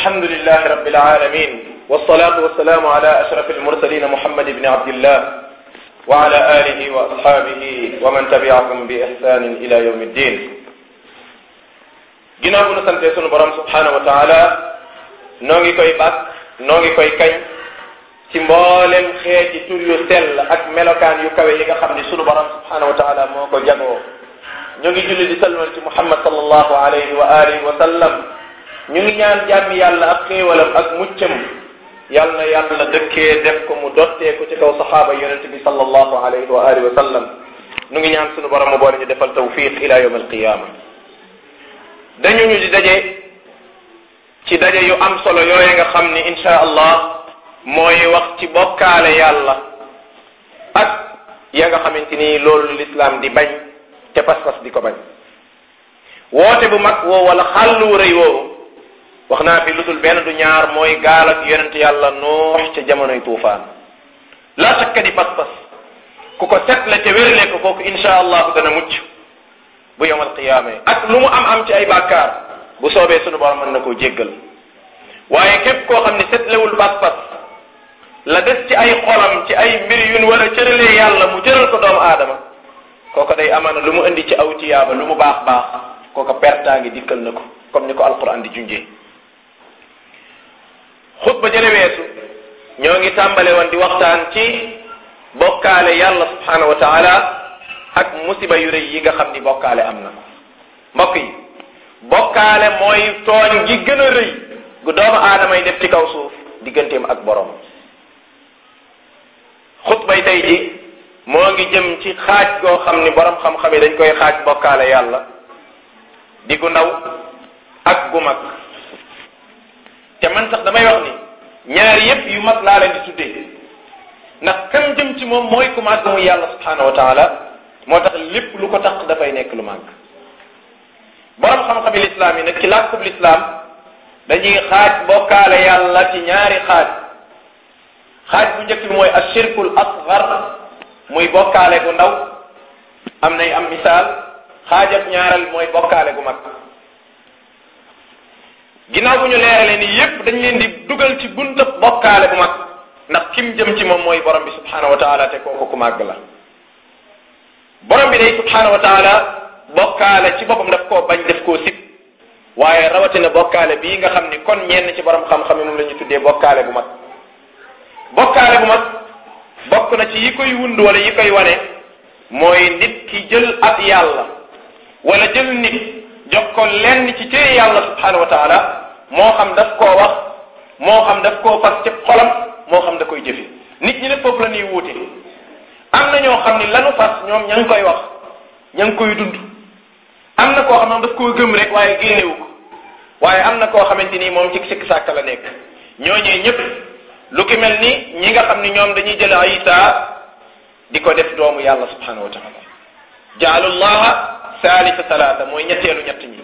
alhamdulillahi rabbil alamin wassalatu wassalamu ala ashraf almursalin muhammad ibni abdillah wa ala alihi wa ashabihi wa man tabi'ahum bi ihsanin ila yawmi ddin ginnaaw bu nu santee sunu borom subhanahu wa taala noo ngi koy bàkk noo ngi koy kañ ci mboolem xeeti tur yu sell ak melokaan yu kawe yi nga xam ni sunu borom subhanahu wa taala moo ko jagoo ñu ngi julli di salmal ci muhammad sallallahu alayhi wa alihi wa sallam ñu ngi ñaan jàmm yàlla ak xéewalam ak muccam yàlla na yàlla dëkkee def ko mu dottee ko ci kaw saxaaba yonente bi sallallahu alayhi wa sallam ñu ngi ñaan sunu borom mu boole ñu defal tawfiq ila yawm alqiyama dañu ñu di daje ci daje yu am solo yooye nga xam ni insha allah mooy wax ci bokkaale yàlla ak ya nga xamante ni loolu lislaam di bañ te pas di ko bañ woote bu mag woo wala xàll wu rëy woowu wax naa fi lu dul benn du ñaar mooy gaal ak yàlla noox ca jamonoy tuufaan laa sakka di pas-pas ku ko setle te wérle ko kooku insha allahu dana mucc bu yowmal qiyaame ak lu mu am am ci ay bàkkaar bu soobee sunu borom mën na koo jéggal waaye képp koo xam ne setlewul pas-pas la des ci ay xolam ci ay mbir yu war a cëralee yàlla mu cëral ko doomu aadama kooku day amaana lu mu indi ci aw tiyaaba lu mu baax baax kooku pertaangi dikkal na ko comme ni ko alquran xutba jële weesu ñoo ngi tàmbale woon di waxtaan ci bokkaale yàlla subhaanahu wa taala ak musiba yu rëy yi nga xam ni bokkaale am na mbokk yi bokkaale mooy tooñ gi gën a rëy gu doomu aadama yi def ci kaw suuf digganteem ak boroom borom xutbay tey ji moo ngi jëm ci xaaj goo xam ni boroom xam-xam yi dañ koy xaaj bokkaale yàlla di gu ndaw ak gu mag te man sax damay wax ni ñaari yëpp yu mag laa leen di tuddee ndax kan jëm ci moom mooy ku màgg muy yàlla subhaanahu wa moo tax lépp lu ko tax dafay nekk lu màgg borom xam i lislaam yi nag ci làkkub lislaam dañuy xaaj bokkaale yàlla ci ñaari xaaj xaaj bu njëkk bi mooy ashirkul asgar muy bokkaale gu ndaw am na am misaal xaajab ñaaral mooy bokkaale gu mag ginnaaw bu ñu leeralee nii yépp dañ leen di dugal ci buntu bokkaale bu mag ndax kim jëm ci moom mooy borom bi subhaanahu wa taala te kooku ku màgg la borom bi day subhaanahu wa bokkaale ci boppam daf koo bañ def koo sib waaye rawatina bokkaale bii nga xam ni kon ñenn ci borom xam-xam yi moom lañuy ñu tuddee bokkaale bu mag bokkaale bu bokk na ci yi koy wund wala yi koy wane mooy nit ki jël ab yàlla wala jël nit jox ko lenn ci téere yàlla subhaanahu wa taala moo xam daf koo wax moo xam daf koo fas ci xolam moo xam da koy jëfe nit ñi ne foofu la ñuy wuute am na ñoo xam ni lanu fas ñoom ña koy wax ña ngi koy dund am na koo xam ne daf koo gëm rek waaye génnewu ko waaye am na koo xamante ni moom ci sikk sàkk la nekk ñooñee ñëpp lu ki mel ni ñi nga xam ni ñoom dañuy jël Isa di ko def doomu yàlla subhaanahu wa taala jaalullaha thalitha salaata mooy ñetteelu ñett ñi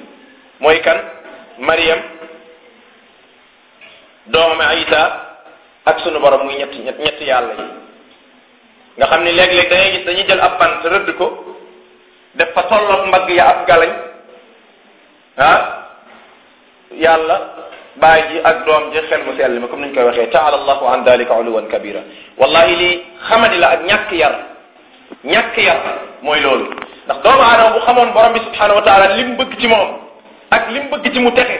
mooy kan Mariam doomam Isa ak sunu borom muy ñetti ñetti yàlla yi nga xam ni léeg-léeg dangay gis dañuy jël ab bant rëdd ko def fa tolloog mbagg ya ab galañ ah yàlla baay ji ak doom ji xel mu sell ma comme ni ñu koy waxee taala allahu an dalika uluwan kabira wallahi lii xamadi la ak ñàkk yar ñàkk yar mooy loolu ndax doomu aadama bu xamoon borom bi subhanahu wa taala li mu bëgg ci moom ak li mu bëgg ci mu texe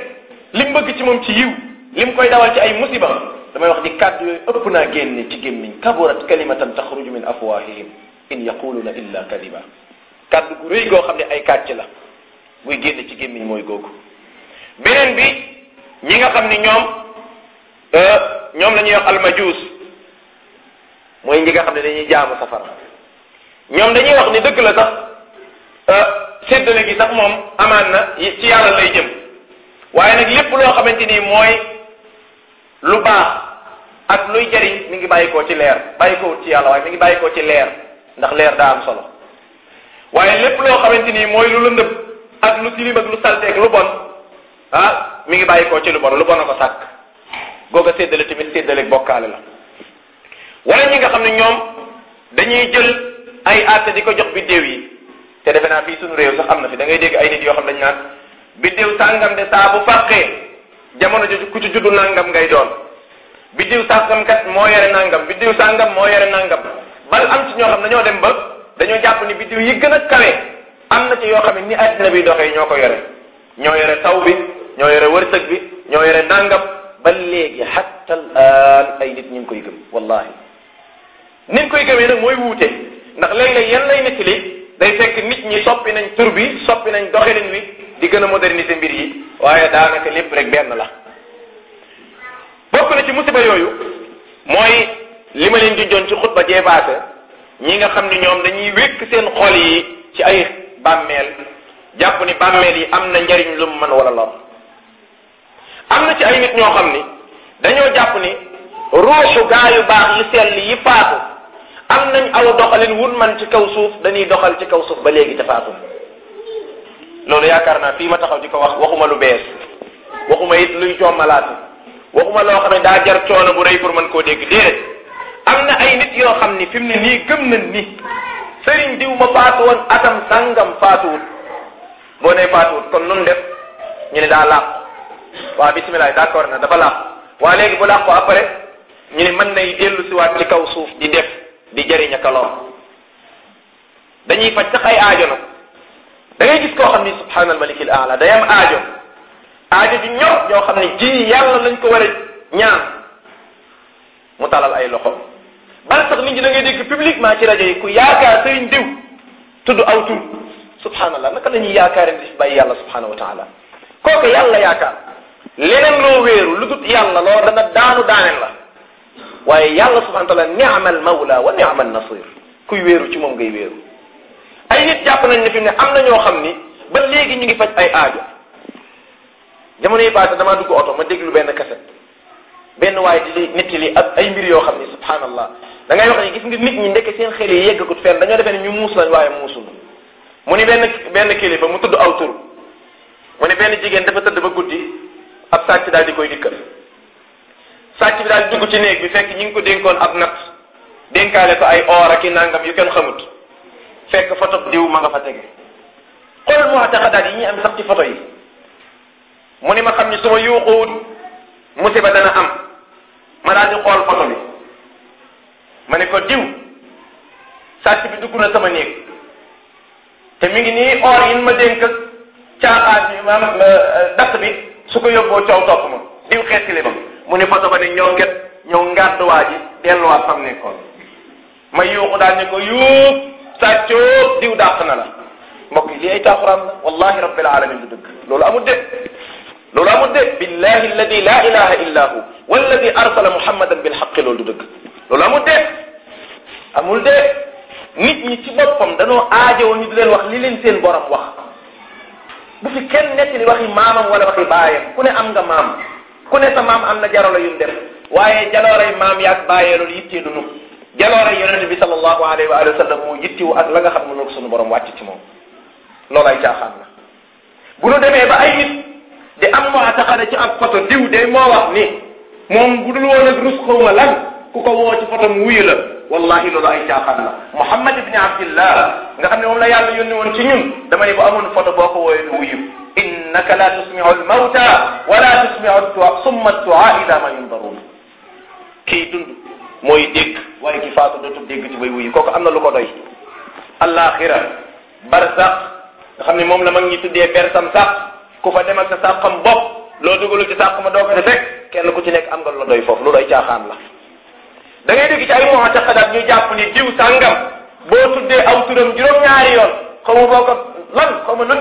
li bëgg ci moom ci yiw li koy dawal ci ay musiba damay wax di kàddu yooyu ëpp naa génne ci gémmiñ kaburat kalimatan taxruju min afwahihim in yaquluna illa kadiba kàddu bu rëy goo xam ne ay kàcc la buy génne ci gémmiñ mooy googu beneen bi ñi nga xam ni ñoom euh, ñoom la wax almajuus mooy ñi nga xam ne dañuy jaamu safara ñoom dañuy wax ni dëgg la sax Euh, séddale gi sax moom amaan na ci yàlla lay jëm waaye nag lépp loo xamante ni mooy lu baax ak luy jariñ mi ngi bàyyi koo ci leer bàyyi koo ci yàlla waaye mi ngi bàyyikoo ci leer ndax leer am solo waaye lépp loo xamante ni mooy lu lëndëm ak lu tilim bon ah, ngi bàyyi ci lu bon lu bon a ko sàkk googa séddale tamit séddale bokkaale la wala ñi nga xam ne ñoom dañuy jël ay àtte di ko jox biddéew yi te defe naa fii suñu réew sax am na fi dangay ngay dégg ay nit yoo xam dañ naan biddiw sàngam de saa bu fàqee jamono jooju ku ci du nangam ngay doon biddiw sàngam kat moo yore nangam biddiw sàngam moo yore nangam bal am ci ñoo xam dañoo dem ba dañoo jàpp ni biddiw yi gën a kawe am na ci yoo xam ne ni addina bi doxee ñoo ko yore ñoo yore taw bi ñoo yore wërsëg bi ñoo yore nangam ba léegi hatta al ay nit ñu ngi koy gëm wallahi ni koy gëmee nag mooy wuute ndax léeg-léeg yan lay day fekk nit ñi soppi nañ tur bi soppi nañ doxalin wi di gën a moderniser mbir yi waaye daanaka lépp rek benn la bokk na ci musiba yooyu mooy li ma leen junjoon ci xutba jeebaate ñi nga xam ni ñoom dañuy wékk seen yi ci ay bàmmeel jàpp ni bàmmeel yi am na njariñ lu mu mën wala am na ci ay nit ñoo xam ni dañoo jàpp ni ruuxu gaa yu baax yu sell yi faatu am nañ aw doxalin wun man ci kaw suuf dañuy doxal ci kaw suuf ba léegi tafaatum loolu yaakaar naa fii ma taxaw di ko wax waxuma lu bees waxuma it luy jommalaatu waxuma loo xam ne daa jar coono bu rëy pour mën koo dégg déedéet am na ay nit yoo xam ni fi mu ne nii gëm nañ ni sëriñ diw ma faatu woon atam sàngam faatuwut boo nee faatuwut kon nun def ñu ne daa làqu waa bisimilah d'accord na dafa làqu waa léegi bu làqu après ñu ne mën nay dellu siwaat kaw suuf di def di jëriñ ak lor dañuy faj sax aajo nag da ngay gis xam ni subhaanal malikil aala day am aajo aajo ju ñor yoo xam ne ji yàlla lañ ko war ñaan mu talal ay loxo bal sax nit ñi da ngay dégg publiquement ci rajo yi ku yaakaar sëriñ diw tudd aw tur subhaanallah naka la ñuy yaakaar di fi bàyyi yàlla subhaanahu wa taala kooku yàlla yaakaar leneen loo wéeru lu dut loo dana daanu daaneen waaye yàlla subhanahu wa taala ni'mal mawla wa ni'mal nasir kuy wéeru ci moom ngay wéeru ay nit jàpp nañ ne fi mu ne am na ñoo xam ni ba léegi ñu ngi faj ay aajo jamono yi passé damaa dugg oto ma déglu benn kaset benn waaye di li nit li ak ay mbir yoo xam ni subhanallah da ngay wax ni gis nga nit ñi ndekk seen xel yi yeggagut fenn da nga defee ne ñu muus lañ waaye muusul mu ni benn benn kilifa mu tudd aw tur mu ni benn jigéen dafa tëdd ba guddi ab sàcc daal di koy dikkal sàcc bi daal dugg ci néeg bi fekk ñi ngi ko dénkoon ab nat dénkaale ko ay or ak i nangam yu kenn xamut fekk photo diw ma nga fa tege xool mu yi ñuy am sax photo mu ni ma xam ni su ma yuuxuwut musiba dana am ma daal di xool photo bi ma ne ko diw sàcc bi dugg na sama néeg te mu ngi nii or yin ma dénk caaxaan bi maanaam euh, dàq bi su ko yóbboo coow topp ma diw xeetili ma mu ni foto ba ne ñoo nget ñëw ngàdduwaa ji delluwaat fam nekkoon ma yuuxu daal ni ko yuub sàccoo diw dàq na la mbokk yi lii ay taaxuraan la wallahi rabbil alamin du dëgg loolu amul de loolu amul de billahi alladi la ilaha illa hu walladi mu muhammadan bilxaqi loolu du dëgg loolu amul de amul de nit ñi ci boppam danoo aajowoo ñu di leen wax li leen seen borom wax bu fi kenn nekk li waxi maamam wala waxi baayam ku ne am nga maam ku ne sa maam am na jarola yu mu waaye waaye jalooray maam yaa bàyyee loolu yittee du nu jalooray yonent bi sallallahu alayhi wa sallam moo yittiwu ak la nga xam ne loolu sunu borom wàcc ci moom loolay caaxaan la bu nu demee ba ay nit di am waa taxane ci ab photo diw de moo wax ni moom bu dul woon ak rus xawma lan ku ko woo ci photo mu wuyu la wallahi loolu ay caaxaan la Muhammad ibni Abdillah nga xam ne moom la yàlla yónni woon ci ñun dama ne bu amoon photo boo ko woowee wuyu innaka la tusmiu almawta wala tusmiu summa duaa ila ma yundaruun kii dund mooy dégg waaye ki faatu dootul dégg ci bay wuyu kooku am na lu ko doy alaxira barsax nga xam ne moom la mag ñi tuddee bersam sax ku fa dem ak sa sàqam bopp loo dugalul ci sàq ma doo ko di fekk kenn ku ci nekk am nga lu la doy foofu loolu ay caaxaan la da ngay dégg ci ay mu'taqadaat ñuy jàpp diw sàngam boo aw turam juróom-ñaari yoon xaw ma lan xaw ma nu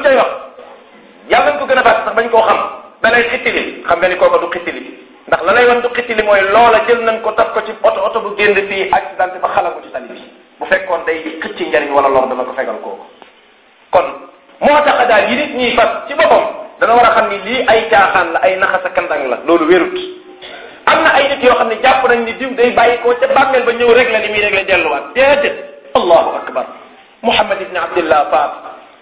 yàlla nga ko gën a fàtte sax bañ koo xam da lay xam nga ni kooka du xittili ndax la lay wan du xittili mooy loola jël nañ ko taf ko ci oto oto bu génn fii accidenté ba xala ko ci tali bi bu fekkoon day xëcc njariñ wala lor dana ko fegal kooku kon moo tax daal yi nit ñiy ci boppam dana war a xam ni lii ay caaxaan la ay naxasa kandang la loolu wérut am na ay nit yoo xam ne jàpp nañ ni diw day bàyyi ko ca bàmmeel ba ñëw régler li muy régler delluwaat déedéet allahu akbar muhammad ibni abdillah faat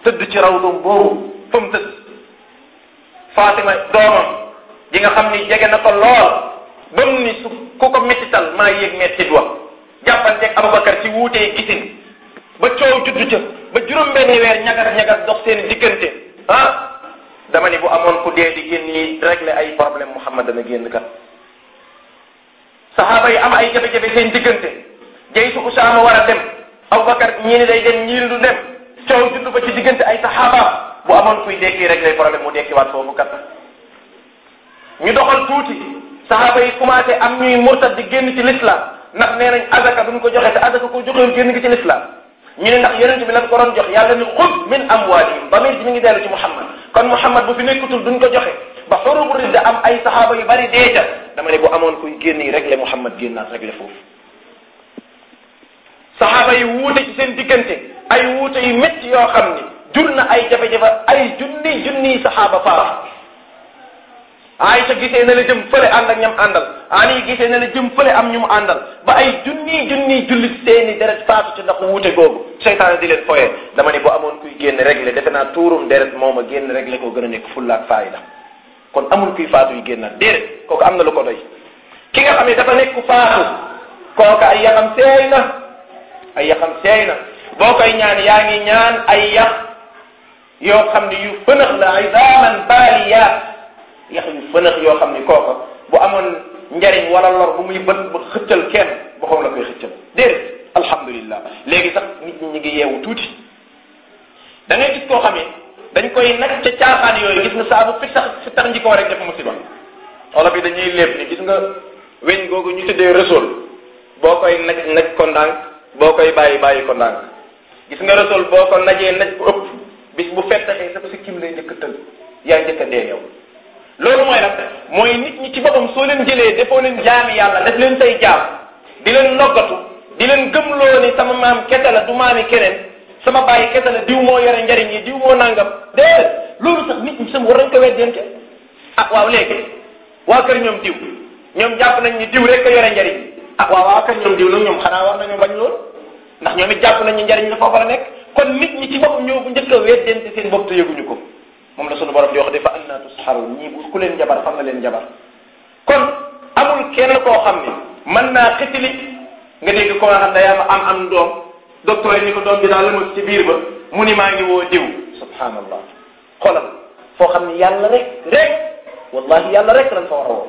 tëdd ci rawdum boobu fa mu tëdd Fatima doomam ji nga xam ni jege na ko lool ba mu ni su ku ko mettital maa yéeg mettit wa jàppanteeg Aboubacar ci wuutee gisin ba coow juddu ca ba juróom-benni weer ñagar ñagar dox seen diggante ah dama ni bu amoon ku dee di génn yi ay problème Muhammad dana génn kat saxaaba yi am ay jafe-jafe seen diggante jaytu Usaama war a dem Aboubacar ñii ni day dem ñii du dem coow juddu ba ci diggante ay saxaabaam bu amoon kuy dekki rek lay problème mu dekkiwaat foofu kat ñu doxal tuuti saxaaba yi commencé am ñuy murtad di génn ci l'islam ndax nee nañ azaka duñ ko joxe te azaka ko joxewul génn gi ci l'islam ñu ne ndax yonent bi lan ko doon jox yàlla ni xud min amwalihim ba mir mi ngi dellu ci muhammad kon muhammad bu fi nekkutul duñ ko joxe ba xorubu ridda am ay saxaaba yu bari dee ca dama ne bu amoon kuy génn yi rek la muhammad génnaat rek la foofu saxaaba yi wuute ci seen diggante ay wuute yu métti yoo xam ni jur na ay jafe-jafe ay junni junni saxaaba faara Aïcha gisee na la jëm fële ànd ak ñam àndal Ali gisee na la jëm am ñu mu àndal ba ay junni junni jullit seeni deret faatu ci ndax wuute googu seytaane di leen foyee dama ne bu amoon kuy génn réglé defe naa tuurum deret moom a génn réglé koo gën a nekk fulla ak faayda kon amul kuy faatu yu génnaat déedéet kooku am na lu ko doy ki nga xam ne dafa nekk ku faatu kooku ay yaxam seey na ay yaxam seey na boo koy ñaan yaa ngi ñaan ay yax yoo xam ne yu fënax la idaman baaliyaat yax yu fënax yoo xam ne kooka bu amoon njariñ wala lor bu muy bët ba xëccal kenn boppam la koy xëccal déedéet alhamdulilah léegi sax nit ñi ngi yeewu tuuti da ngay gis koo xamee dañ koy nag ca caaxaan yooyu gis nga saabu fi tax fi tax njikoo rek def musiba bi dañuy léeb ni gis nga weñ googu ñu tëddee resol boo koy naj naj ko boo koy bàyyi bàyyi ko gis nga resol boo ko najee naj bis bu fettaxee sax si kim lay njëkk a tënk yaa njëkk loolu mooy nag mooy nit ñi ci boppam soo leen jëlee defoo leen jaami yàlla def leen say jaam di leen noggatu di leen gëmloo ni sama maam kese la du maami keneen sama bàyyi kese la diw moo yore njariñ yi diw moo nangam déedéet loolu sax nit ñi sam war nañ ah, waaw léegi waa kër ñoom diw ñoom jàpp nañ ni diw rek a yore njariñ ah waaw waa kër ñoom diw la ñoom xanaa war nañoo bañ loolu ndax ñoomi it jàpp nañ ni njariñ la foofa la nekk kon nit ñi ci boppam ñoo njëkk a weddente seen bopp te yëguñu ko moom la sunu borom di wax de fa anna tusxarun ñii bu ku leen jabar fan la leen jabar kon amul kenn koo xam ni mën naa xitili nga dégg ko nga xam day am am am doom docteur yi ni ko doom bi daal la ma ci biir ba mu ni maa ngi woo diw subhanallah xoolal foo xam ni yàlla rek rek wallahi yàlla rek lañ fa war a woo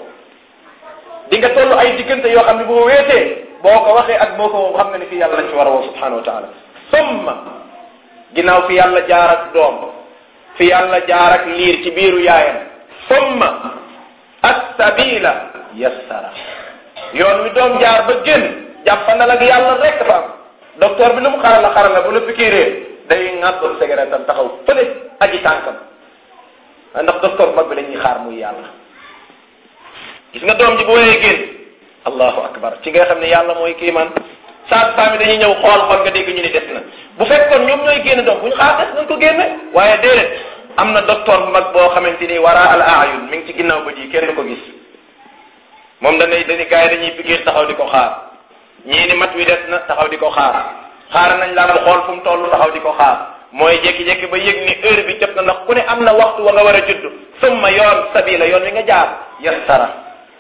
di nga ay diggante yoo xam ne boo weetee boo ko waxee ak boo ko xam nga ni fii yàlla lañ fi war a woo subhanahu ginnaaw fi yàlla jaar ak doom fi yàlla jaar liir ci biiru yaayam summa as-sabila yassara yoon wi doom jaar ba génn jàppandal ak yàlla rek fa am bi lu mu xarala xarala bu la pikiiree day ŋàbbal cigarette am taxaw fële aji tànkam ah, ndax docteur mag bi la ñuy xaar mu yàlla gis nga doom ji boo lee génn allahu akbar ci nga xam ne yàlla mooy kiimaan sages-femmes yi dañuy ñëw xool xool nga dégg ñu ni des na bu fekkoon ñoom ñooy génn doom bu ñu xaar des nañ ko génne waaye déedéet am na docteur bu mag boo xamante ni wara al aayun mi ngi ci ginnaaw ba ji kenn ko moom dañuy dañuy gars yi dañuy taxaw di ko xaar ñii ni mat wi des na taxaw di ko xaar xaar nañ laal xool fu mu toll taxaw di ko xaar mooy jékki-jékki ba yëg ni heure bi jot na ndax ku ne am na waxtu wa nga war a judd summa yoon la yoon wi nga jaar yassara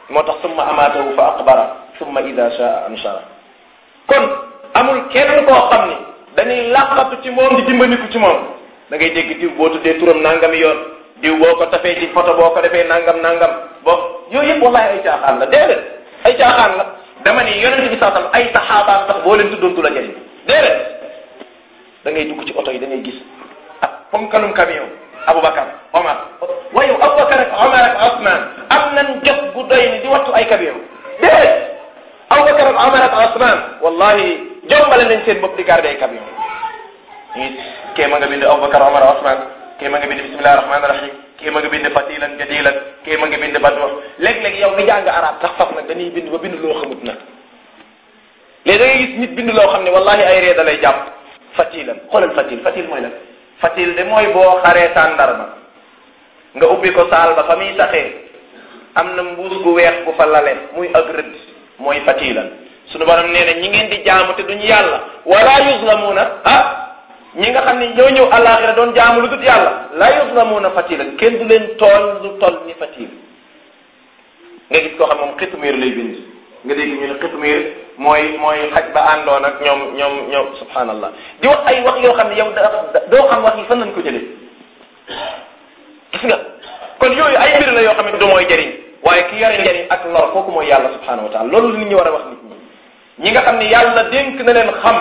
moo tax summa amaatahu fa aqbara summa ida shaa anshara kon amul kenn koo xam ni dañuy làqatu ci moom di dimbandiku ci moom da ngay dégg diw boo tuddee turam nangami yoon diw boo ko tafee ci photo boo ko defee nangam nangam boo yooyu yëpp wallahi ay caaxaan la déedéet ay caaxaan la dama ni yonent bi sasam ay saxaabaam sax boo leen tuddoon du la jëriñ déedéet da ngay dugg ci oto yi da ngay gis ak ponkalum camion Aboubacar Omar waaye Aboubacar ak Omar ak Ousmane am nañ jot gu doy ni di wattu ay camion déedéet Omar ak Ousmane wallahi jombale nañ seen bopp di garder ay camion ñuy kee ma nga bind Aboubacar Omar Ousmane kee ma nga bind bismillahi rahmaani rahim kee ma nga bind fatilan jadilan kee ma nga bind badwa léeg-léeg yow nga jàng arab sax sax nag dañuy bind ba bind loo xamut na léegi da ngay gis nit bind loo xam ne wallahi ay ree da lay jàpp fatilan xoolal fatil fatil mooy lan fatil de mooy boo xaree tàndarma nga ubbi ko saal ba fa muy saxee am na mbuus gu weex gu fa lale muy ak rëdd mooy fatilan suñu borom nee na ñi ngeen di jaamu te duñu yàlla wala yuzlamuuna ah ñi nga xam ne ñoo ñëw àllaaxira doon jaamu lu dut yàlla la yuzlamuuna fatila kenn du leen tool lu toll ni fatil nga gis koo xam moom xetu miir lay bind nga dégg ñu ne xetu miir mooy mooy xaj ba àndoon ak ñoom ñoom ñoom subhanallah di wax ay wax yoo xam ne doo xam wax yi fan lañ ko jëlee gis nga kon yooyu ay mbir la yoo xam ne du mooy jëriñ waaye ki yore njëriñ ak lor kooku mooy yàlla a wax nit ñi nga xam ni yàlla dénk na leen xam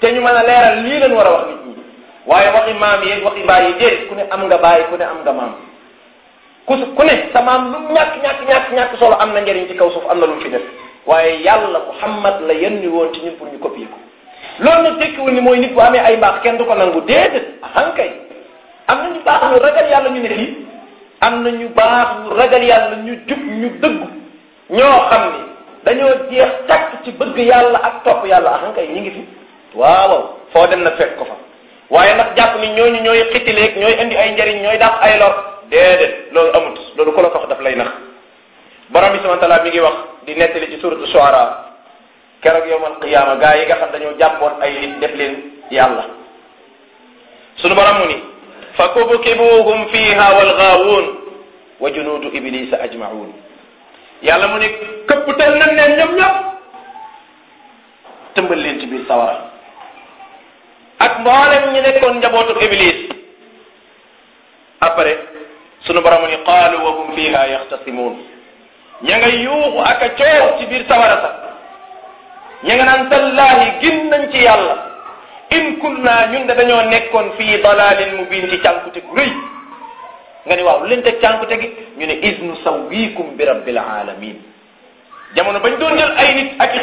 te ñu mën a leeral lii leen war a wax nit ñi waaye waxi maam yi waxi baay yi ku ne am nga baay ku ne am nga maam ku ku ne sa maam lu ñàkk ñàkk ñàkk solo am na njëriñ ci kaw suuf am na lu mu def waaye yàlla Muhammad la yenni woon ci ñun pour ñu copier ko loolu nag tekkiwul ni mooy nit bu amee ay mbaax kenn du ko nangu déedéet ahankay am na ñu baax ñu ragal yàlla ñu ne fii am na ñu baax ñu ragal yàlla ñu jub ñu dëgg ñoo xam ni dañoo jeex takk ci bëgg yàlla ak topp yàlla axankay ah, ñi ngi fi waaw foo dem nag fekk ko fa waaye nag jàpp ni ñooñu ñooy xitileeg ñooy indi ay njariñ ñooy dàq ay lor déedéet loolu amut lool ku la wax daf lay nax borom bi subhanahu mi ngi wax di nettali ci suratu shuara keroog yowmal qiyaama gaa yi nga xam dañoo jàppoon ay nit def leen yàlla sunu borom mu ni fa kubkibuhum fiha wal gaawun wa junuudu iblisa ajmaun yàlla mu ne këpptal nañ leen ñoom ñëpp tëmbal leen ci biir sawara ak mboolem ñi nekkoon njabootu iblis après sunu borom ni qaalu wa hum fiha yaxtasimuun ña nga yuuxu ak a coow ci biir sawara sax ña nga naan tallaahi gin nañ ci yàlla in kunna ñun de dañoo nekkoon fii dalalin mubin ci cànkute gu rëy nga ni waaw lu leen teg cànkute gi ñu ne isnu sawwiikum bi rabbil alamin jamono bañ doon jël ay nit ak i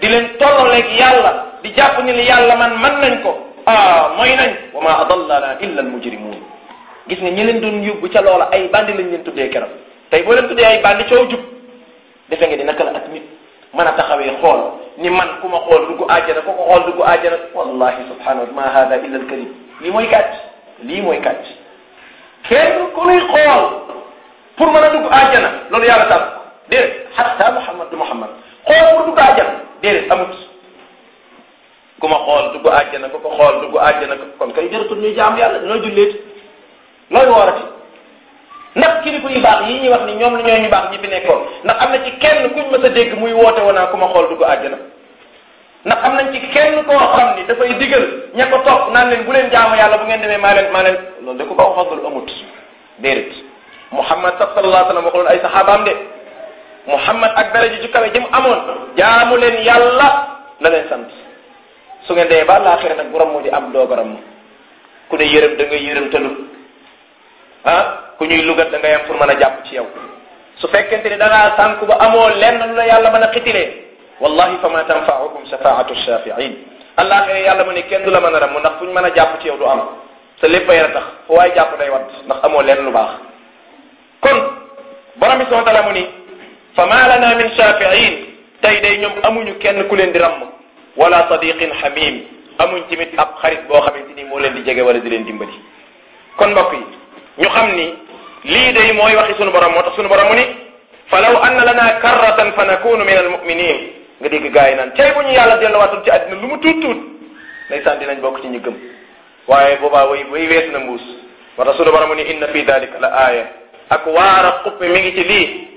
di leen tollaleeg yàlla di jàpp ni li yàlla man man nañ ko ah mooy nañ wa ma adallana illa al mujrimun gis nga ñi leen doon yóbbu ca loola ay bandi lañ leen tuddee keroog tey boo leen tuddee ay bandi coow jub defe nga di naka la ak nit mën a taxawee xool ni man ku ma xool dugg àjjana ku ko xool dugg àjjana wallahi subhanahu ma hada illa al karim lii mooy kàcc lii mooy kàcc kenn ku nuy xool pour mën a dugg àjjana loolu yàlla tànn ko déedéet xatta Muhammad du Muhammad xool pour dugg àjjana déedéet amut ku ma xool dugg àjjana ko ko xool dugg àjjana ko kon kay jëratul ñuy jaam yàlla ñooy julleeti looy woorati ndax kilifa yu baax yi ñuy wax ni ñoom la ñooy ñu baax ñi fi nekkoon ndax am na ci kenn kuñ mës a dégg muy woote woonaa ku ma xool dugg àjjana ndax am nañ ci kenn koo xam ni dafay digal ña ko topp naan leen bu leen jaamu yàlla bu ngeen demee maa leen maa leen loolu de ku ko waxagul amut déedéet Muhammad sallallahu alayhi wa sallam waxuloon ay saxaabaam de Muhammad ak daraja ju kawe ji mu amoon jaamu leen yàlla la leen sant su ngeen dee ba laaxira nag bu ramm di am doog a ramm ku de yërëm da ngay yërëm tëlu ah ku ñuy lugat da ngay am pour mën a jàpp ci yow su fekkente ni da ngaa ku ba amoo lenn lu la yàlla mën a xitilee wallahi fa ma tanfaahukum shafaatu shafiin àllaaxira yàlla mu ne kenn du la mën a ramm ndax fu ñu mën a jàpp ci yow du am sa léppay la tax fu waay jàpp day wat ndax amoo leen lu baax kon borom bi subhanahu wa taala mu ni fa maa lana min shafiin tey day ñoom amuñu kenn ku leen di ramm wala sadiqin xamim amuñ tamit ab xarit boo xamante ni moo leen di jege wala di leen dimbali kon mbokk yi ñu xam ni li day mooy waxi sunu borom moo tax sunu borom mu ni fa law anna lana karratan fa nakunu min al muminin nga naan cay bu ñu yàlla delluwaatul ci àddina lu dinañ bokk ci ñu gëm waaye boobaa way way weet na mbuus moo tax sunu borom mu ni inna fi dalika la aaya ak waar a xuppe mi ngi ci lii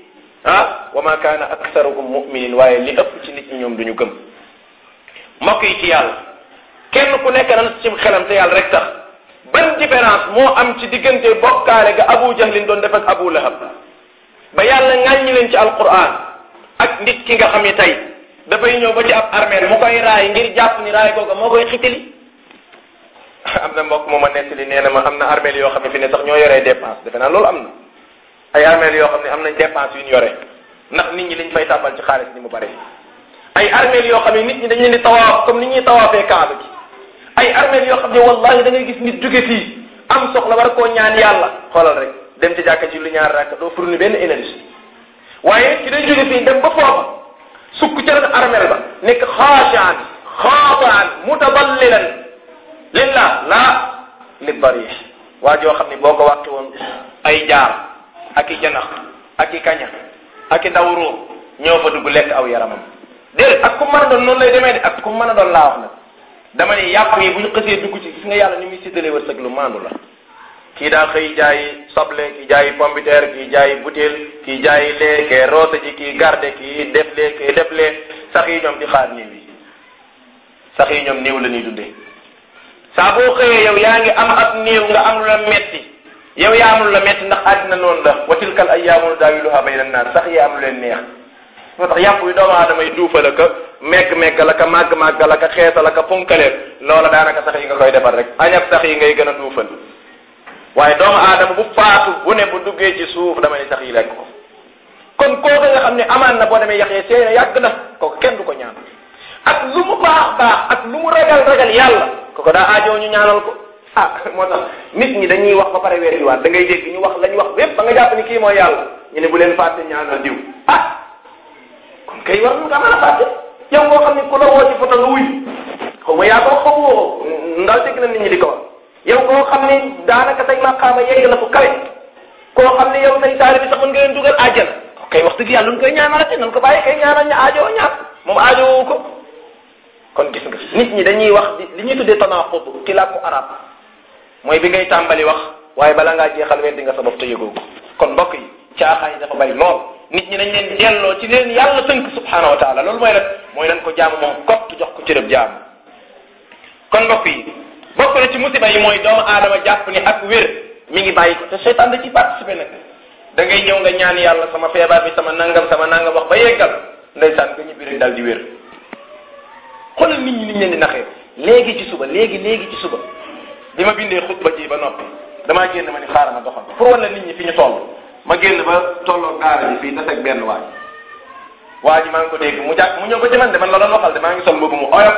ah wa ma kaana aktharuhum muminin waaye li ëpp ci nit ñi ñoom duñu gëm mbokk yi ci yàlla kenn ku nekk nan yàlla rek tax ban moo am ci diggante bokkaale ga abu jahlin doon def ak abu lahab ba yàlla ŋàññi leen ci alquran ak nit ki nga xam ne tey dafay ñëw ba ci ab armeel mu koy raay ngir jàpp ni raay googa moo koy xitili am na mbokk mu a nettali nee na ma am na armeel yoo xam ne sax ñoo yoree dépense defe naa loolu am na ay armeel yoo xam ne am nañ dépense yu ñu yore ndax nit ñi liñ fay tàbbal ci xaalis ni mu bare ay armeel yoo xam ne nit ñi dañ leen di tawaaf comme ni ñuy tawaafee kaaba gi ay armeel yoo xam ne wallahi da gis nit jóge fii am soxla war koo ñaan yàlla xoolal rek dem ci jàkka ji lu ñaar rakk doo fourni benn énergie waaye ki day jóge fii dem ba foofa sukk ca armeel ba nekk xaasaan lillah la li bari waa joo xam ni boo ko wàqi woon ay jaar ak i janax ak yi kaña ak i ndaw ñoo fa dugg lekk aw yaramam de ak ku mën a doon noonu lay demee de ak ku mën a doon laa wax nag dama ne yàpp yi bu ñu xësee dugg ci gis nga yàlla ni muy séddalee wërsëg lu maandu la kii daa xëy jaay soble kii jaay pombiteer kii jaay butéel kii jaay lee kee roose ji kii garde kii def lee kee sax yi ñoom di xaar niiw yi sax yi ñoom néew la ñuy dundee saa boo xëyee yow yaa ngi am ab néew nga am lu la metti yow yaa am lu la metti ndax àddina noonu la wa tilkal ayyaamu nudaawiluhaa bayna naas am lu leen neex moo tax yàpp yu doomu aadama yi duufala ka megg-megg màgg-màgg la ka xeesa la ka punkaleen loola daanaka sax yi nga koy defar rek añak sax yi ngay gën a duufal waaye doomu aadama bu faatu bu ne bu duggee ci suuf damay ne sax yi lekk ko kon ko nga xam ne amaan na boo demee yaxee seena yàgg na kooku kenn du ko ñaan ak lu mu baax baax ak lu mu ragal ragal yàlla kooku daa aajoo ñu ñaanal ko ah moo tax nit ñi dañuy wax ba pare weer waat da ngay dégg ñu wax la ñu wax yépp ba nga jàpp ni kii mooy yàlla ñu ne bu leen fàtte ñaanal diw ah kon kay war nga mën a fàtte yow ngoo xam ne ku la woo ko foto nga xaw ma yaa ko xaw woo ndaw dégg na nit ñi di ko wax yow koo xam ne daanaka say maqaama yegg na fu kawe koo xam ne yow na taali bi sax mën nga leen dugal àjjana kay wax dëgg yàlla lu ñu koy ñaanalati nan ko bàyyi kay ñaanal ña aajoo ñaan moom ko kon gis nga nit ñi dañuy wax li ñuy tuddee tanaqud ci làkku arab mooy bi ngay tàmbali wax waaye bala ngaa jeexal weddi nga sa bopp te yëgoo ko kon mbokk yi caaxaan yi dafa bari lool nit ñi dañuy leen delloo ci leen yàlla tënk subhanahu wa mooy lan ko jaamu moom kott jox ko cërëb jaamu kon mbokk yi bokk na ci musiba yi mooy doomu aadama jàpp ni ak wér mi ngi bàyyi ko te seytaan da ci participé nag da ngay ñëw nga ñaan yàlla sama feebar bi sama nangam sama nangam wax ba yeggal ndeysaan nga ñibbi daal di wér xoolal nit ñi ni ñu leen di naxee léegi ci suba léegi léegi ci suba bi ma bindee xutba ji ba noppi damaa génn ma ni xaaral ma doxal pour wan la nit ñi fi ñu toll ma génn ba tolloo a ji fii taseeg benn waaj waa maa ngi ko dégg mu jàpp mu ñëw ba jëman de man la doon waxal de maa ngi sol mbubb mu oyof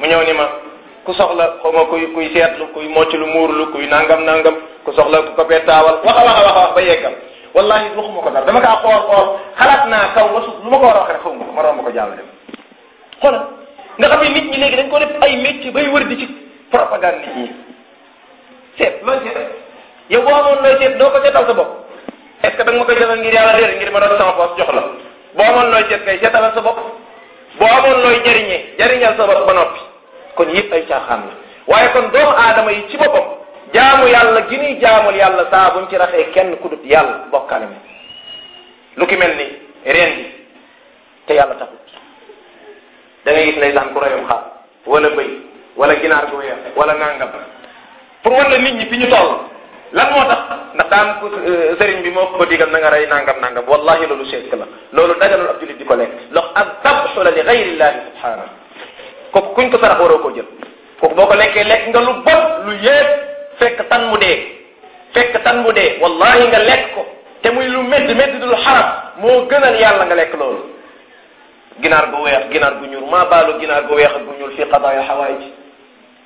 mu ñëw ni ma ku soxla xaw ma kuy kuy seetlu kuy mocc lu muurlu kuy nangam nangam ku soxla ku ko pettaawal waxa waxa waxa wax ko dara dama kaa xool xool xalaat a wax rek xaw ma ko ma ko jàll dem nga xam nit ñi léegi dañ ko def ay métier bay wër di ci propagande nit ñi seet man seet yow boo amoon looy seet doo ko seetal sa bopp est que da nga ma koy defal ngir ngir ma doon sama poos jox la boo amoon looy seet kay sa bopp boo amoon looy jariñee jariñal sa bopp ba noppi kon yëpp ay caaxaan la waaye kon doomu aadama yi ci boppam jaamu yàlla gi jaamul yàlla saa buñ ci raxee kenn ku yàlla bokkaale mi lu ki mel ni reen bi te yàlla taxut da ngay gis ndeysaan ku reyum xar wala bëy wala ginaar gu wala nangam pour wan la nit ñi fi ñu moo tax ndax daan ko euh, bi moo ko digal na nga rey nangam nangam wallahi loolu shirk la loolu daganul ab jullit di ko lekk lox ak dabxu la li gayrillahi subhanahu kooku kuñ ko sarax waroo koo jël kooku boo ko lekkee lekk nga lu bon lu yéeg fekk tan mu dee mu dee wallahi nga lekk ko te muy lu métti métti lu xaram moo gënal yàlla nga lekk loolu ginaar gu weex ginaar gu ñuul maa baalu ginaar gu weex ak gu ñuul fii xadaaya xawaayij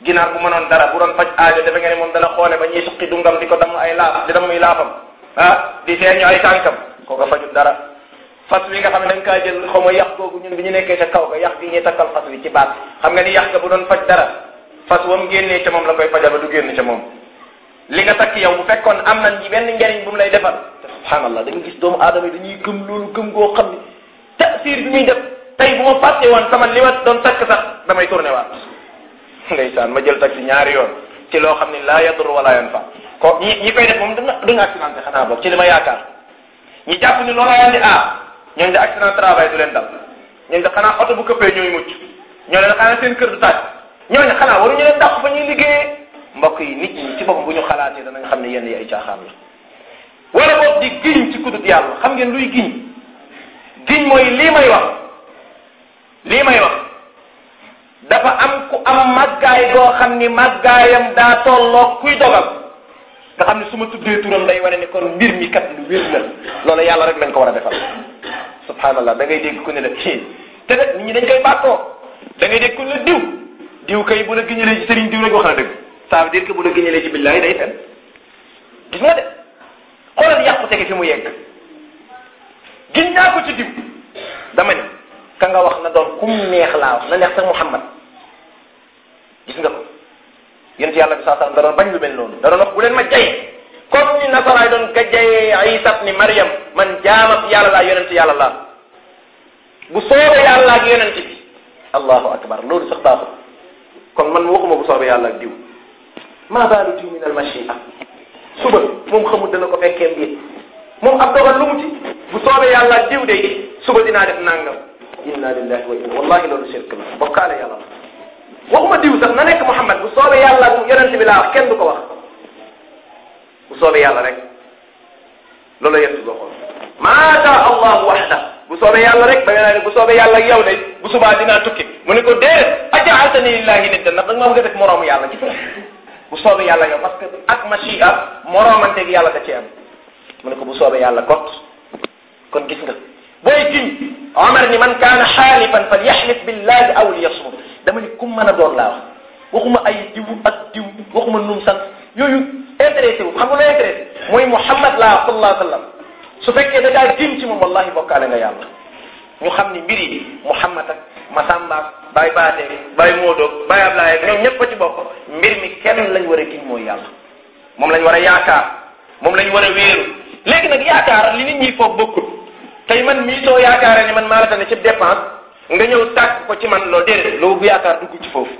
ginaar bu mënoon dara bu doon faj aajo defe nga ne dana xoole ba ñuy suqi dungam di ko damm ay laaf di damm ay laafam ah di feeñu dara fas wi nga xam ne da nga kaa jël xaw ma yàq googu ñun bi ñu nekkee ca kaw ga yàq gi ñuy takkal fas wi ci baat xam nga ni yàq ga bu doon faj dara fas wam génnee ca moom la koy fajal ba du génn ca moom li nga takk yow bu fekkoon am nañ ñi benn njariñ bu mu lay defal te subhaanallah da nga gis doomu aadama yi dañuy goo xam ne tasir tey bu ma fàtte woon sama li ma doon takk sax damay tourné waat ndeysaan ma jël taxi ñaari yoon ci loo xam ne laa yadur wala yanfa ko ñi ñi koy def moom duñu duñu accidenté xanaa boog ci li ma yaakaar ñi jàpp ni loola yandi ah ñooñu de accident travail du leen dal ñooñu de xanaa oto bu këppee ñooy mucc ñoo leen xanaa seen kër du taaj ñooñu xanaa waruñu leen dàq fa ñuy liggéeyee mbokk yi nit ñi ci boppam bu ñu xalaat yi xalaatee danañ xam ne yenn yi ay caaxaan la di giñ ci kudut yàlla xam ngeen luy giñ giñ lii may wax lii may wax dafa am ku am màggaay goo xam ni màggaayam daa tolloo kuy dogal nga xam ni su ma tuddee turam day wane ni kon mbir mi kat lu wér la loolu yàlla rek lañ ko war a defal subhanallah da ngay dégg ku ne la te nag nit ñi dañ koy bàkkoo da ngay dégg ku ne diw diw kay bu la gëñalee ci sëriñ na dëgg ça veut dire que day fen gis nga de xoolal yàqu tege fi mu yegg giñ naa ko ci diw dama ni ka nga wax na doon kum neex la wax na neex sax Muhammad gis nga ko yonent yàlla bi saa sallam da doon bañ lu mel noonu da doon wax bu leen ma jayee comme ni nasaraay doon ka jayee Isa ni Maryam man jaamab yàlla laa yàlla laa bu soobee yàlla ak yonent bi allahu akbar loolu sax baaxul kon man waxuma bu soobee yàlla ak diw maa baalu diw min al machia suba moom xamul dana ko fekkee mbir moom ab dogal lu mu ci bu soobee yàlla ak diw de suba dinaa def nangam inna lillahi wa inna wallahi loolu shirk la bokkaale yàlla la waxuma diw sax na nekk Muhammad bu soobee yàlla ak yonent bi laa wax kenn ko wax bu soobee yàlla rek loolu yëpp di waxoon maata allahu waxda bu rek ba nga ne bu soobee yàlla ak yow de bu subaa dinaa tukki mu ne ko a ajaaltani lillahi nidda ndax danga ma bëgg a def moroomu yàlla ci bu soobee yàlla nga parce que ak machia moroomanteeg yàlla da ci mu ne ko bu soobee yàlla kot kon booy giñ Omar ni man kaana xaalifan fal yaxlif billahi aw liyasmut dama ni ku mën a doon laa wax waxuma ay diw ak diw waxuma num sant yooyu intéressé wu xam nga loo intéressé mooy Muhammad laa sallallahu alayhi wa sallam su fekkee da ngaa giñ ci moom wallahi bokkaale nga yàlla ñu xam ni mbiri yi Muhammad ak Masamba ak Baye Baate Baye Moodo Baye Ablaye ñoom ñëpp a ci bokk mbir mi kenn lañ war a giñ mooy yàlla moom lañ war a yaakaar moom lañ war a wéeru léegi nag yaakaar li nit ñi tey man mii soo yaakaaree ne man maa la tane ci dépense nga ñëw tàkk ko ci man loo déedéet loo bu yaakaar dugg ci foofu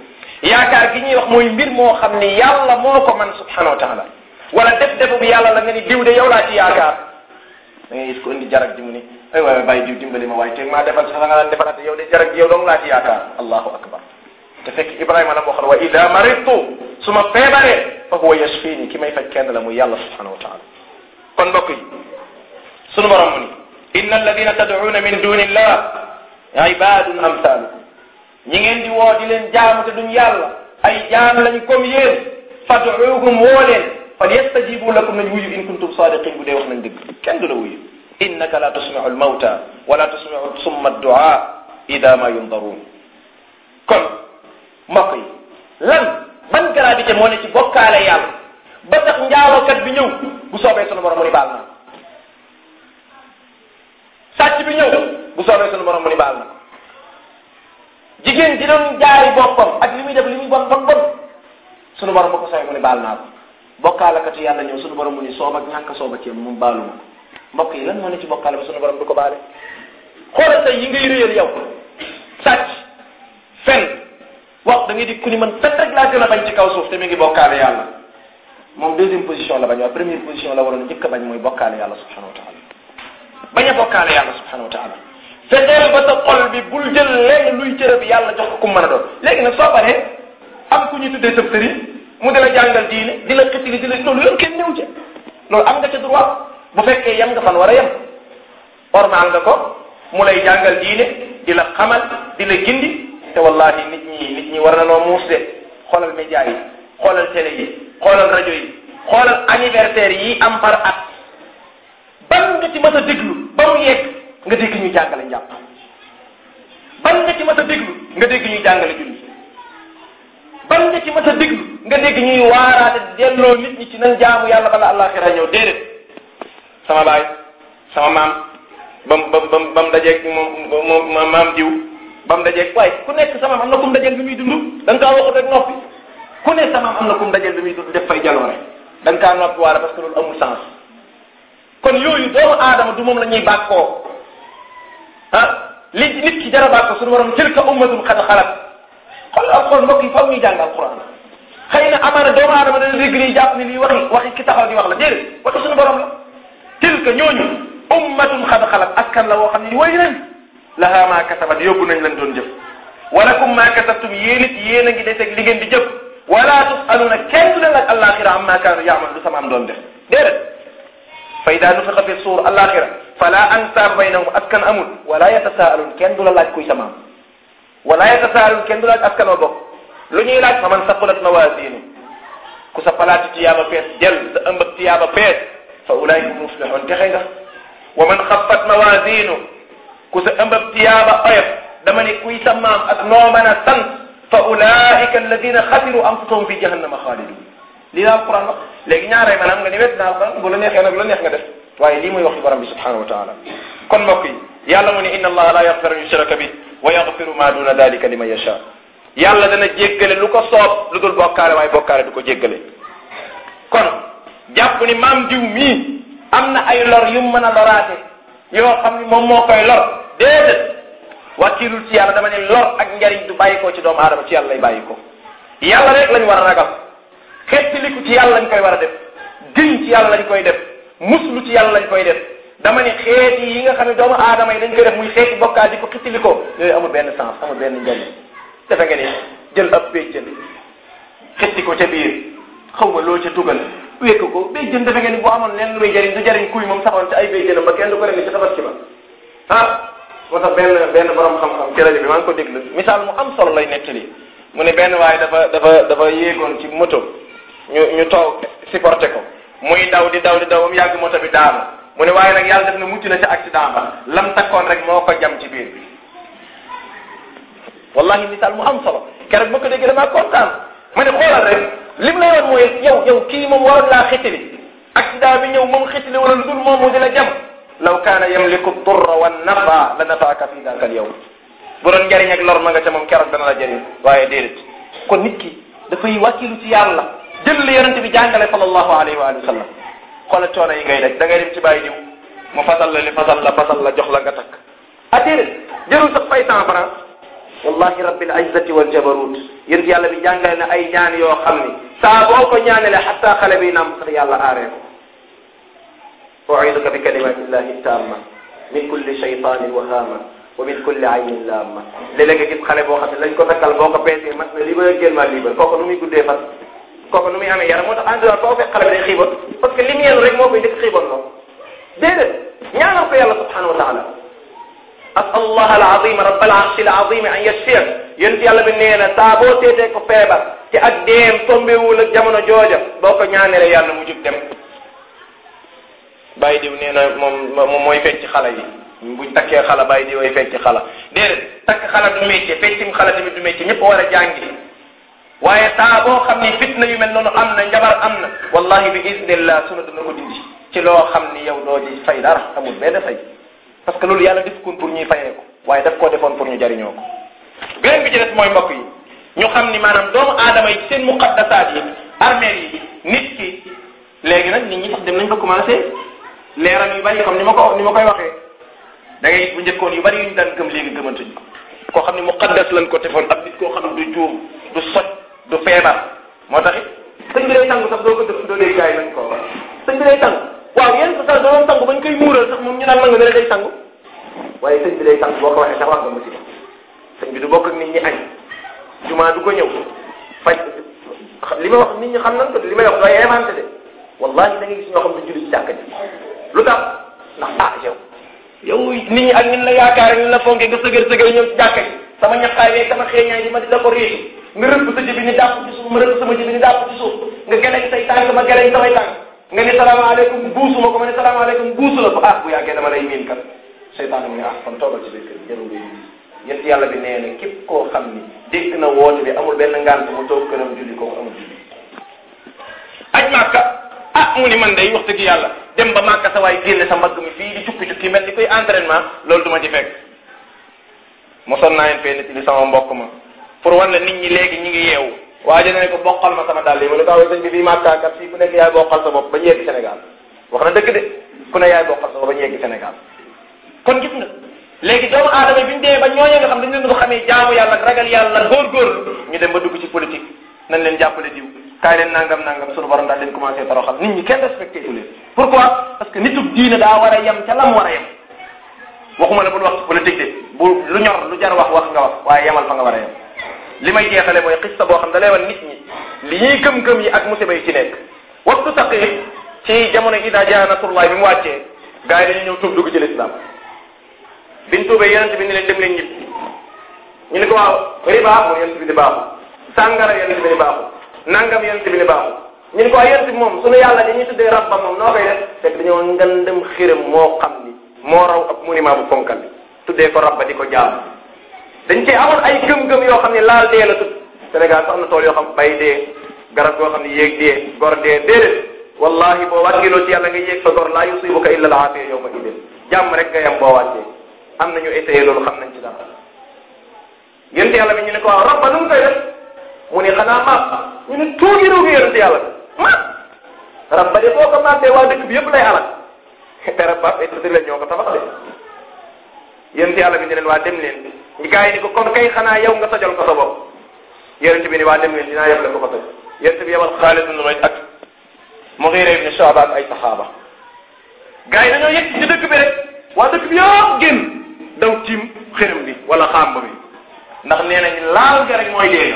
yaakaar gi ñuy wax mooy mbir moo xam ni yàlla moo ko man subhanahu wa taala wala def defu bi yàlla la nga ni diw de yow laa ci yaakaar da ngay gis ko indi jarag ji mu ni ay waay bàyyi diw dimbali ma waaye te maa defal sax nga daan yow de jarag ji yow dong laa ci yaakaar allahu akbar te fekk ibrahima la moo xam wa ida maridtu s ma feebaree fa huwa yashfini ki may faj kenn la muy yàlla subhanahu wa taala kon mbokk yi sunu borom mu inna alladina tad'una min duni llah ibadun amsalukum ñi ngeen di woo di leen jaamu te duñ yàlla ay jaam lañ comme yéen fad'uuhum woo leen fal yastajibu lakum nañ wuyu in kuntum sadiqin bu dee wax nañ dëgg kenn du la wuyu innaka la tusmiu almawta wala tusmiu summa addua ida ma yundaruun kon mbokk yi lan ban gravité moo ne ci bokkaale yàlla ba tax njaalookat bi ñëw bu soobee sunu borom mu ni baal naa sàcc bi ñëw bu soobee suñu borom mu ni baal na ko jigéen ji doon jaari ak li muy def li muy bon bon bon suñu borom ba ko soobee mu ni baal naa ko yàlla ñëw suñu borom mu ni soob ak ñàkk soob ak yem moom baalu ma ko yi lan moo ne ci bokkaale ba suñu borom du ko baale xoolal tey yi yow sàcc fen wax da ngay a kaw suuf te mi ngi bokkaale yàlla moom deuxième position la bañ waaye première position la waroon njëkk a bañ mooy bokkaale yàlla subhanahu wa taala bañ a bokkaale yàlla subhanahu wa taala fexeel ba sa xol bi bul jël lenn luy bi yàlla jox ko ku doon léegi nag soo paree am ku ñu tuddee sab sëriñ mu dina jàngal diine di la xëttili di la loolu yoon kenn néew ci am nga ca droit bu fekkee yem nga fan war a ko mu lay jàngal di la xamal di la gindi te wallahi nit ñi nit ñi war na noo muus de xoolal média yi xoolal télé yi xoolal rajo yi xoolal anniversaire yi am par at ban nga ci mës a déglu ba mu yegg nga dégg ñu jàngale njàpp ban nga ci mës a déglu nga dégg ñuy jàngale julli ban nga ci mës a déglu nga dégg ñuy waaraate delloo nit ñi ci nan jaamu yàlla bala àllaaxira ñëw déedéet sama baay sama maam ba mu ba mu ba mu dajeeg moom moom maam diw ba mu dajeeg waaye ku nekk sama am na kum dajeel bi muy dund da nga kaa rek noppi ku ne sama am na kum dajeel bi muy dund def fay jaloore da nga kaa noppi waare parce que loolu amul sens. kon yooyu doomu aadama du moom la ñuy bàkkoo ah li nit ki jar a bàkkoo suñu borom tilka ummatun qad xalat xool alxuraan mbokk yi faaw ñuy jàng alxuraan xëy na amaana doomu aadama dana dégg lii jàpp ne lii waxi waxi ki taxaw di wax la déedéet waxi suñu borom la tilka ñooñu ummatun qad xalat askan la woo xam ne ni way nañ laha ma kasabat yóbbu nañ lañ doon jëf walakum ma kasabtum yéen it yéen a ngi deseeg li ngeen di jëf wala tusaluna kenn du leen laaj àllaaxira amma kaanu yaamal lu sama am doon def déedéet fa ida nufixa fi suur alaxira fala ansaab baynahum askan amul wala yatasaaluun kenn du la laaj kuy sa maam wala yatasaaluun kenn du la laaj askan wa bokk lu ñuy laaj fa man saqulat mawaasiinu ku sa palaatu tiyaaba fees jël sa ëmb ak tiyaaba fees fa ulaayika hum muflixuun texe nga wa man xaffat mawaasiinu ku sa ëmb ak tiyaaba oyof dama ne kuy sa maam ak noo mën a sant fa ulaayika alladina xasiru anfusahum fi jahannama xaaliduun lii daal alquran wax léegi ñaaree maanaam nga ni wet na alquran bu la neexee nag la neex nga def waaye lii mooy waxi borom bi subhanahu wa taala kon mbokk yi yàlla mu ne inna allaha la yaxfiru yushraka bi wa yaxfiru ma duna dalika liman yasha yàlla dana jéggale lu ko soob lu dul bokkaale waaye bokkaale du ko jéggale kon jàpp ni maam diw mii am na ay lor yu mu mën a loraate yoo xam ni moom moo koy lor déedéet wàkkilul ci yàlla dama ne lor ak njariñ du bàyyi ko ci doom aadama ci yàlla lay bàyyi ko yàlla la lañu war a ragal xettaliku ci yàlla lañ koy war a def gën ci yàlla lañ koy def muslu ci yàlla lañ koy def dama ne xeet yi nga xam ne doomu aadama yi dañ koy def muy xeeti bokkaat yi ko xettalikoo yooyu amul benn sens amul benn njariñ defe nga ni jël ab béjjën xetti ko ca biir xaw ma loo ca dugal wékk ko béjjën defe nga ni bu amoon lenn luy jariñ du jariñ kuy moom saxoon ay béjjënam ba kenn du ko rek ni ci tabaski ba ah moo tax benn benn borom xam-xam ci rajo ko déglu misaal mu am solo lay nettali mu ne benn waaye dafa dafa dafa yéegoon ci moto ñu ñu toog supporté ko muy daw di daw di daw yàgg moto bi daanu mu ne waaye nag yàlla def na mucc na ci accident ba lam takkoon rek moo ko jam ci biir bi wallahi misaal mu am solo keroog ba ko déggee damaa kontaan ma ne xoolal rek lim lay woon mooy yow kii moom xitili accident bi ñëw moom xitili wala lu dul moom mu dina jam law kaana yamliku durra wa nafa la nafaaka fi dalka yow bu doon njariñ ak lor ma nga ca moom keroog dana waaye déedéet kon nit ki dafay jël li yonente bi jàngale sallallahu alayhi wa yi ngay daj ci bàyyi diw mu fasal la li fasal la fasal la jox a nga takk attéeré ah, jërul sax fay cent franc wallahi rabbil izzati wal jabarut yént yàlla bi jàngale na ay jan yoo xam ni saa boo ko ñaanele xatta xale bi naam sax yàlla aaree ko uiduka bi kalimatillahi tamma min kulli shaytanin wahama wa min kulli aynin laama léeg-léeg nga gis xale boo xam ne lañ ko takkal boo ko peesee mat na kooku nu muy amee yaram moo tax en général boo fekk xale bi day xiiboon parce que li mu yenu rek moo koy njëkk xiiboon moom déedéet ñaanal ko yàlla subhanahu wa taala as allah al azim rabbal arshi al azim an yashfiak yéen yàlla bi nee na saa boo seetee ko feebar te ak deem tombewul ak jamono jooja boo ko ñaanalee yàlla mu jug dem bàyyi diw nee na moom moom mooy fecc xala yi buñ takkee xala bàyyi diw ay fecc xala déedéet takk xala du métier feccim xala tamit du métier ñëpp war a jàngi waaye taa boo xam ni fitna yu mel noonu am na njabar am na wallahi bi iznillah sunu dana ko dindi ci loo xam ni yow doo ji fay dara amul benn fay parce que loolu yàlla defukoon pour ñuy fayee waaye daf koo defoon pour ñu jariñoo ko beneen bi ci mooy mbokk yi ñu xam ni maanaam doomu aadama yi seen muqaddasaat yi armeel yi nit ki léegi nag nit ñi sax dem nañ ko commencé leeral yu bari yoo xam ni ma ko ni ma koy waxee da bu njëkkoon yu bari yu ñu daan gëm léegi gëmantuñ ko koo xam ni muqaddas lañ ko defoon ab nit koo xam ne du juum du du feebar moo tax it sëñ bi lay sangu sax doo ko doo dee gaay nañ koo war sëñ bi lay waaw yéen sax doon sangu bañ koy muural sax moom ñu naan nangu ne day sangu waaye sëñ bi lay ko waxee sax wax nga musiba sëñ bi du bokk ak nit ñi añ jumaa du ko faj li ma wax nit ñi xam nañ ko li may wax dooy inventé de wallahi da ngay gis ñoo xam ne julli ci jàkk ji lu tax ndax ah yow yow nit ñi ak ñun la yaakaar ak ñun la fonkee nga sëgër sëgër ma di la ko nga rëbb sa jëbi ni jàpp ci suuf ma rëbb sama jëbi ni jàpp ci suuf nga geleñ say tànk ma geleñ samay tànk nga ni salaamaaleykum buusu ma ko ma ne salaamaaleykum buusu la ko ah bu yàggee dama lay miin kat seytaane mu ne ah kon toogal ci biir kër jarul ngay yéen yàlla bi nee na képp koo xam ni dégg na woote bi amul benn ngànt mu toog këram julli kooku amul julli aj màkka ah mu ni man day wax dëgg yàlla dem ba màkka sa waay génne sa mbagg mi fii di cukki-cukki mel ni koy entraînement loolu du ma ci fekk mosoon naa leen fee nit li sama mbokk ma pour wan la nit ñi léegi ñu ngi yeewu waaye dina ne ko boqal ma sama dàll yi ma ne ko awee sëñ bi fii màkkaakat fii ku nekk yaay boqal sa bopp ba ñu yegg Sénégal wax na dëgg de ku ne yaay boqal sa ba ñu yegg kon gis nga léegi doomu aadama yi bi ñu ba ñooñee nga xam dañu leen ko xamee jaamu yàlla ragal yàlla góor-góor ñu dem ba dugg ci politique nañ leen jàppale diw kaay leen nangam nangam suñu borom daal leen commencé toroxal nit ñi kenn respecté tu leen que nitub diina daa war a yem ca a yem bu lu ñor lu jar wax wax nga wax waaye yemal fa nga war li may jeexale mooy xista boo xam da lay wan nit ñi li ñuy gëm-gëm yi ak musiba yi ci nekk waxtu yi ci jamono ida jaa nasrullahi bi mu wàccee gars yi dañu ñëw tuub dugg ci lislaam biñ tuubee yonent bi ni leen dem leen ñib ñu ne ko waaw riba mu yonent bi ni baaxu sàngara yonent bi ni baaxu nangam yonent bi ni baaxu ñu ne ko waaw yonent bi moom suñu yàlla dañuy tuddee rabba moom noo koy def fekk dañoo ngandem xiram moo xam ni moo raw ab monument bu fonkal tuddee ko rabba di ko jaam dañ cee amoon ay gëm-gëm yoo xam ne laal dee la tudd Sénégal na tool yoo xam bay dee garab goo xam ne yéeg dee gor dee déedéet wallahi boo wàcciloo ci yàlla nga yéeg sa gor laa yusibuka illa al-aafiya yawma idin jàmm rek nga yem boo wàccee am nañu essayé loolu xam nañ ci dara yénte yàlla ñu ne ko waaw rabba nu mu koy def mu ni xanaa maat ñu ne tuugi ruugi yénte yàlla bi maat rabba de boo ko maatee waa dëkk leen ñoo ñi gaa yi ni ko kon kay xanaa yow nga tojal ko sa bopp yonente bi waa dem leen dinaa la ko ko yet yonente bi yebal a ibn Walid ak Mughira ibn ay saxaaba gaa yi dañoo yegg ci dëkk bi rek waa dëkk bi yëpp génn daw tiim xërëm bi wala xàmb bi ndax nee nañ laal nga rek mooy dee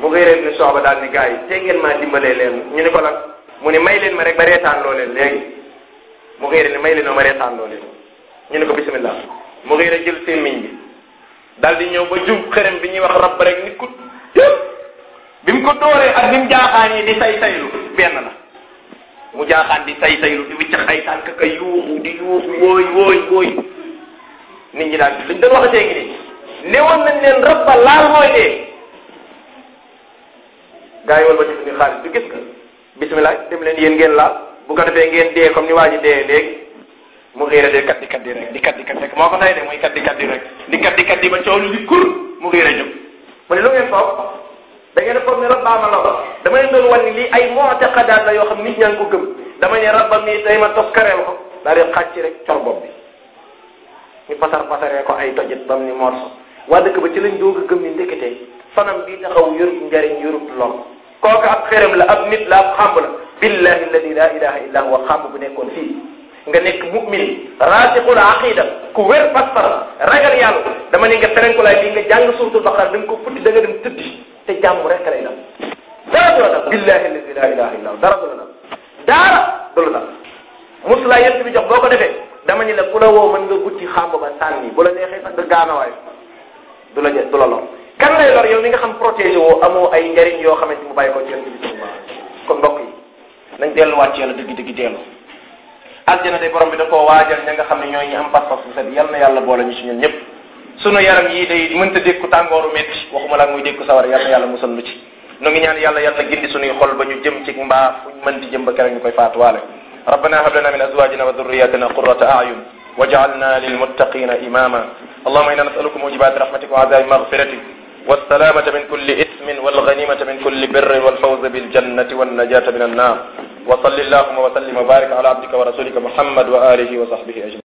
Mughira ibn Shu'ba daal ni gaa yi ngeen maa dimbalee leen ñu ni ko lan mu ni may leen ma rek ba reetaan loo leen léegi Mughira ni may leen ma reetaan loo leen ñu ni ko bismillah mu xiir a jël sémmiñ bi daal di ñëw ba jub xërëm bi ñuy wax rab rek nit ku yëpp bi mu ko dooree ak ni mu jaaxaanee di say saylu benn na mu jaaxaan di say saylu di wiccax ay tànk ka yuuxu di yuuxu wooy wooy wooy nit ñi daal liñ doon wax léegi nii newoon nañ leen rab ba laal mooy dee gaa yi wal ba ci suñu xaalis du gis bismillah dem leen yéen ngeen laal bu ko defee ngeen dee comme ni waa ji dee léegi mu réere de kat di kat di rek di kat di kat rek moo ko nay de muy kat di rek di kat di kat coow li di kur mu réere jóg mu ne lu ngeen foog da ngeen foog ne rabba ma la ko dama leen doon wan ni lii ay mu'taqadaat la yoo xam nit ñaa ngi ko gëm dama ne rabba mii tey ma tos kareel ko daa dee rek cor bopp bi ñu patar pataree ko ay tojit bam ni morso waa dëkk ba ci lañ doog a gëm ni ndekete fanam bii taxaw yorut njariñ yorut lor kooku ab xërëm la ab nit la ab xàmb la bu nekkoon fii nga nekk mu'min raasixul aqida ku wér pas-pas ragal yàlla dama ne nga ferenkulaay bi nga jàng suuratul baqara da ko futti da nga dem tëddi te jàmm rek lay dal dara du la dal billahi allazi la ilaha illa hu dara du la dal dara du la dal musulaa yent bi jox boo ko defee dama ni la ku la woo mën nga gutti xàmb ba sànni bu la neexee sax nga gaanawaay du la du la lor kan lay lor yow mi nga xam protégé woo amoo ay njariñ yoo xam mu ko ci yent bi kon mbokk yi nañ delluwaat ci yàlla dëgg-dëgg dellu aljana day borom bi da koo waajal ña nga xam ne ñooy ñi am pas-pas bu set yal na yàlla boole ñu ci ñun ñëpp sunu yaram yii day mënta dékku tàngooru métti waxuma laa muy dékku sawar yal na yàlla musal nu ci nu ngi ñaan yàlla yàlla gindi sunuy xol ba ñu jëm ci mbaa fuñ mën di jëm ba keroog ñu koy faatuwaale rabbana hab lana min azwajina wa dhurriyyatina qurrata a'yun waj'alna lil muttaqina imama allahumma inna nas'aluka mujibat rahmatika wa azabi maghfiratik والسلامة من كل إثم والغنيمة من كل بر والفوز بالجنة والنجاة من النار wa salli allahuma wa sallim wa barik ala abdika wa rasulika muhammad wa alihi wa sahbihi ajmain